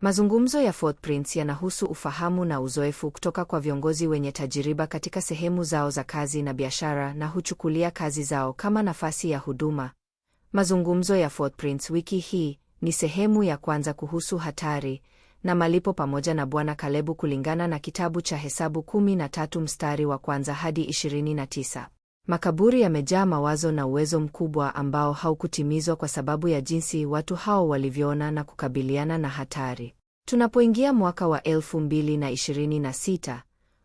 Mazungumzo ya Footprints yanahusu ufahamu na uzoefu kutoka kwa viongozi wenye tajiriba katika sehemu zao za kazi na biashara na huchukulia kazi zao kama nafasi ya huduma. Mazungumzo ya Footprints wiki hii ni sehemu ya kwanza kuhusu hatari na malipo pamoja na Bwana Kalebu kulingana na kitabu cha Hesabu 13 mstari wa kwanza hadi 29 Makaburi yamejaa mawazo na uwezo mkubwa ambao haukutimizwa kwa sababu ya jinsi watu hao walivyoona na kukabiliana na hatari. Tunapoingia mwaka wa 2026,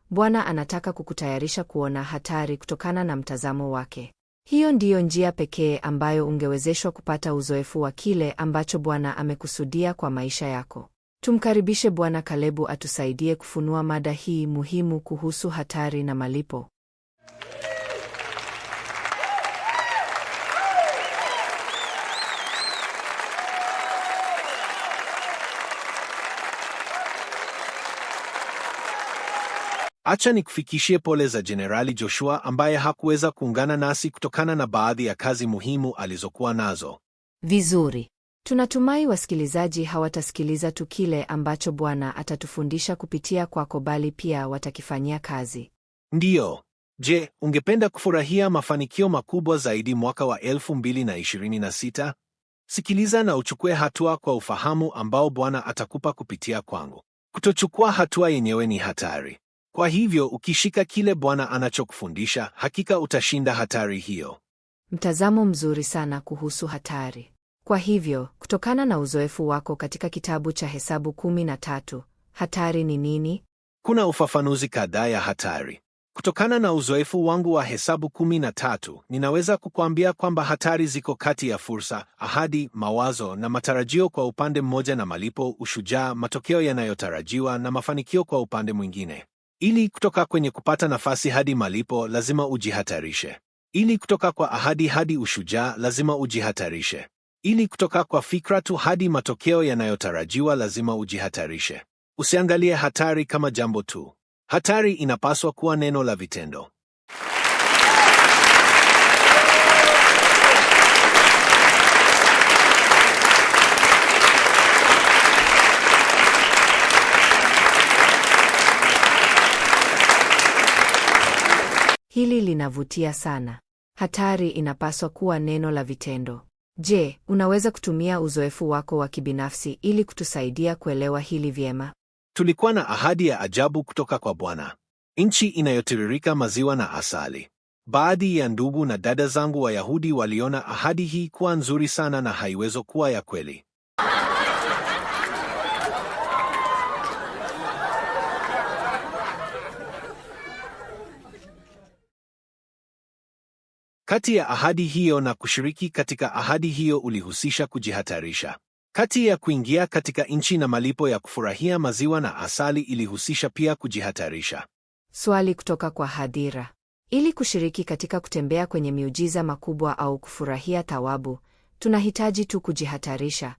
Bwana anataka kukutayarisha kuona hatari kutokana na mtazamo wake. Hiyo ndiyo njia pekee ambayo ungewezeshwa kupata uzoefu wa kile ambacho Bwana amekusudia kwa maisha yako. Tumkaribishe Bwana Kalebu atusaidie kufunua mada hii muhimu kuhusu hatari na malipo. Acha nikufikishie pole za Jenerali Joshua ambaye hakuweza kuungana nasi kutokana na baadhi ya kazi muhimu alizokuwa nazo. Vizuri. Tunatumai wasikilizaji hawatasikiliza tu kile ambacho Bwana atatufundisha kupitia kwako bali pia watakifanyia kazi. Ndiyo. Je, ungependa kufurahia mafanikio makubwa zaidi mwaka wa 2026? Sikiliza na uchukue hatua kwa ufahamu ambao Bwana atakupa kupitia kwangu. Kutochukua hatua yenyewe ni hatari. Kwa hivyo ukishika kile Bwana anachokufundisha, hakika utashinda hatari hiyo. Mtazamo mzuri sana kuhusu hatari. Kwa hivyo, kutokana na uzoefu wako katika kitabu cha Hesabu kumi na tatu, hatari ni nini? Kuna ufafanuzi kadhaa ya hatari. Kutokana na uzoefu wangu wa Hesabu kumi na tatu, ninaweza kukuambia kwamba hatari ziko kati ya fursa, ahadi, mawazo na matarajio kwa upande mmoja, na malipo, ushujaa, matokeo yanayotarajiwa na mafanikio kwa upande mwingine. Ili kutoka kwenye kupata nafasi hadi malipo lazima ujihatarishe. Ili kutoka kwa ahadi hadi ushujaa lazima ujihatarishe. Ili kutoka kwa fikra tu hadi matokeo yanayotarajiwa lazima ujihatarishe. Usiangalie hatari kama jambo tu. Hatari inapaswa kuwa neno la vitendo. Hili linavutia sana. Hatari inapaswa kuwa neno la vitendo. Je, unaweza kutumia uzoefu wako wa kibinafsi ili kutusaidia kuelewa hili vyema? Tulikuwa na ahadi ya ajabu kutoka kwa Bwana, nchi inayotiririka maziwa na asali. Baadhi ya ndugu na dada zangu Wayahudi waliona ahadi hii kuwa nzuri sana na haiwezo kuwa ya kweli. Kati ya ahadi hiyo na kushiriki katika ahadi hiyo ulihusisha kujihatarisha. Kati ya kuingia katika nchi na malipo ya kufurahia maziwa na asali ilihusisha pia kujihatarisha. Swali kutoka kwa hadhira. Ili kushiriki katika kutembea kwenye miujiza makubwa au kufurahia thawabu, tunahitaji tu kujihatarisha.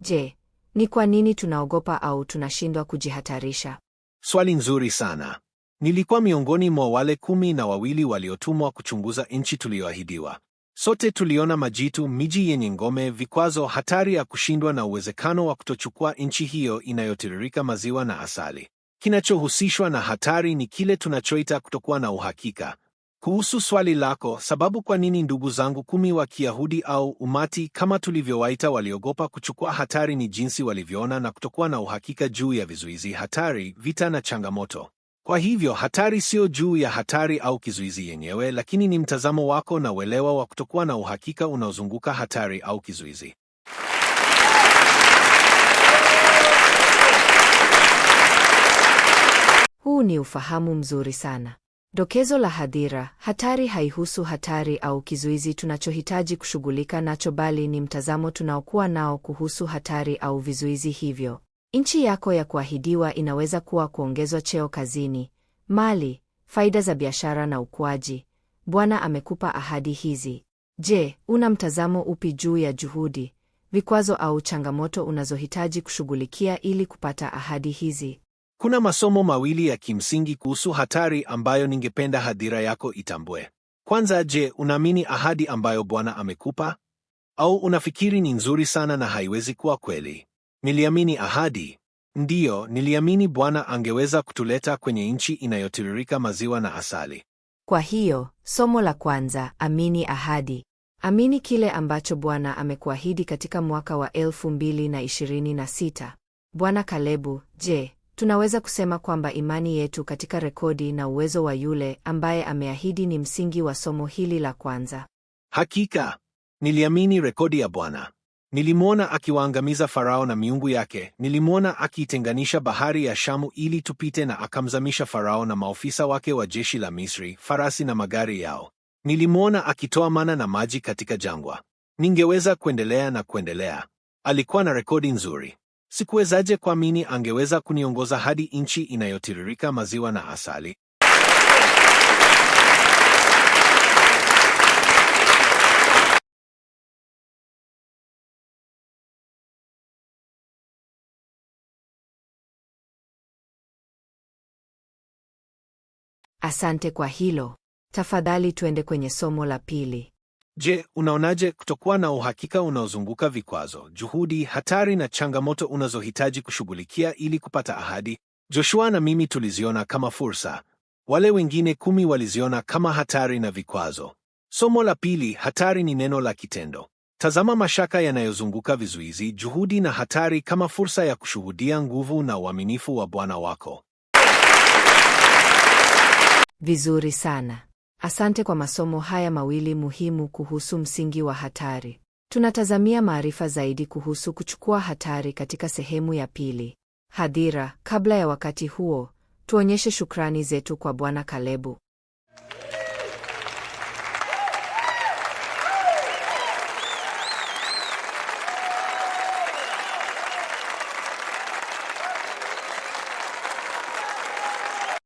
Je, ni kwa nini tunaogopa au tunashindwa kujihatarisha? Swali nzuri sana. Nilikuwa miongoni mwa wale kumi na wawili waliotumwa kuchunguza nchi tuliyoahidiwa. Sote tuliona majitu, miji yenye ngome, vikwazo, hatari ya kushindwa na uwezekano wa kutochukua nchi hiyo inayotiririka maziwa na asali. Kinachohusishwa na hatari ni kile tunachoita kutokuwa na uhakika. Kuhusu swali lako, sababu kwa nini ndugu zangu kumi wa Kiyahudi au umati kama tulivyowaita waliogopa kuchukua hatari ni jinsi walivyoona na kutokuwa na uhakika juu ya vizuizi, hatari, vita na changamoto. Kwa hivyo hatari sio juu ya hatari au kizuizi yenyewe, lakini ni mtazamo wako na uelewa wa kutokuwa na uhakika unaozunguka hatari au kizuizi. Huu ni ufahamu mzuri sana. Dokezo la hadhira: hatari haihusu hatari au kizuizi tunachohitaji kushughulika nacho, bali ni mtazamo tunaokuwa nao kuhusu hatari au vizuizi hivyo. Nchi yako ya kuahidiwa inaweza kuwa kuongezwa cheo kazini, mali, faida za biashara na ukuaji. Bwana amekupa ahadi hizi. Je, una mtazamo upi juu ya juhudi, vikwazo au changamoto unazohitaji kushughulikia ili kupata ahadi hizi? Kuna masomo mawili ya kimsingi kuhusu hatari ambayo ningependa hadhira yako itambue. Kwanza, je, unaamini ahadi ambayo Bwana amekupa au unafikiri ni nzuri sana na haiwezi kuwa kweli? Niliamini ahadi. Ndiyo, niliamini Bwana angeweza kutuleta kwenye nchi inayotiririka maziwa na asali. Kwa hiyo, somo la kwanza, amini ahadi. Amini kile ambacho Bwana amekuahidi katika mwaka wa 2026. Bwana Kalebu, je, tunaweza kusema kwamba imani yetu katika rekodi na uwezo wa yule ambaye ameahidi ni msingi wa somo hili la kwanza? Hakika, niliamini rekodi ya Bwana. Nilimwona akiwaangamiza Farao na miungu yake, nilimwona akiitenganisha bahari ya Shamu ili tupite, na akamzamisha Farao na maofisa wake wa jeshi la Misri, farasi na magari yao. Nilimwona akitoa mana na maji katika jangwa. Ningeweza kuendelea na kuendelea. Alikuwa na rekodi nzuri. Sikuwezaje kuamini angeweza kuniongoza hadi nchi inayotiririka maziwa na asali. Asante kwa hilo. Tafadhali tuende kwenye somo la pili. Je, unaonaje kutokuwa na uhakika unaozunguka vikwazo, juhudi, hatari na changamoto unazohitaji kushughulikia ili kupata ahadi? Joshua na mimi tuliziona kama fursa, wale wengine kumi waliziona kama hatari na vikwazo. Somo la pili, hatari ni neno la kitendo. Tazama mashaka yanayozunguka vizuizi, juhudi na hatari kama fursa ya kushuhudia nguvu na uaminifu wa Bwana wako. Vizuri sana. Asante kwa masomo haya mawili muhimu kuhusu msingi wa hatari. Tunatazamia maarifa zaidi kuhusu kuchukua hatari katika sehemu ya pili. Hadhira, kabla ya wakati huo, tuonyeshe shukrani zetu kwa Bwana Kalebu.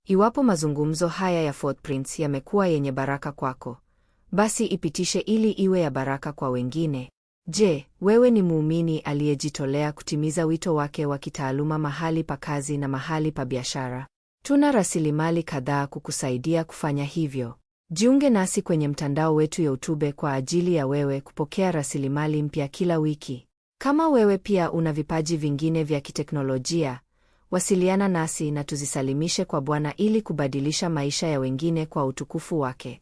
Iwapo mazungumzo haya ya Footprints yamekuwa yenye baraka kwako, basi ipitishe ili iwe ya baraka kwa wengine. Je, wewe ni muumini aliyejitolea kutimiza wito wake wa kitaaluma mahali pa kazi na mahali pa biashara? Tuna rasilimali kadhaa kukusaidia kufanya hivyo. Jiunge nasi kwenye mtandao wetu YouTube kwa ajili ya wewe kupokea rasilimali mpya kila wiki. Kama wewe pia una vipaji vingine vya kiteknolojia wasiliana nasi na tuzisalimishe kwa Bwana ili kubadilisha maisha ya wengine kwa utukufu wake.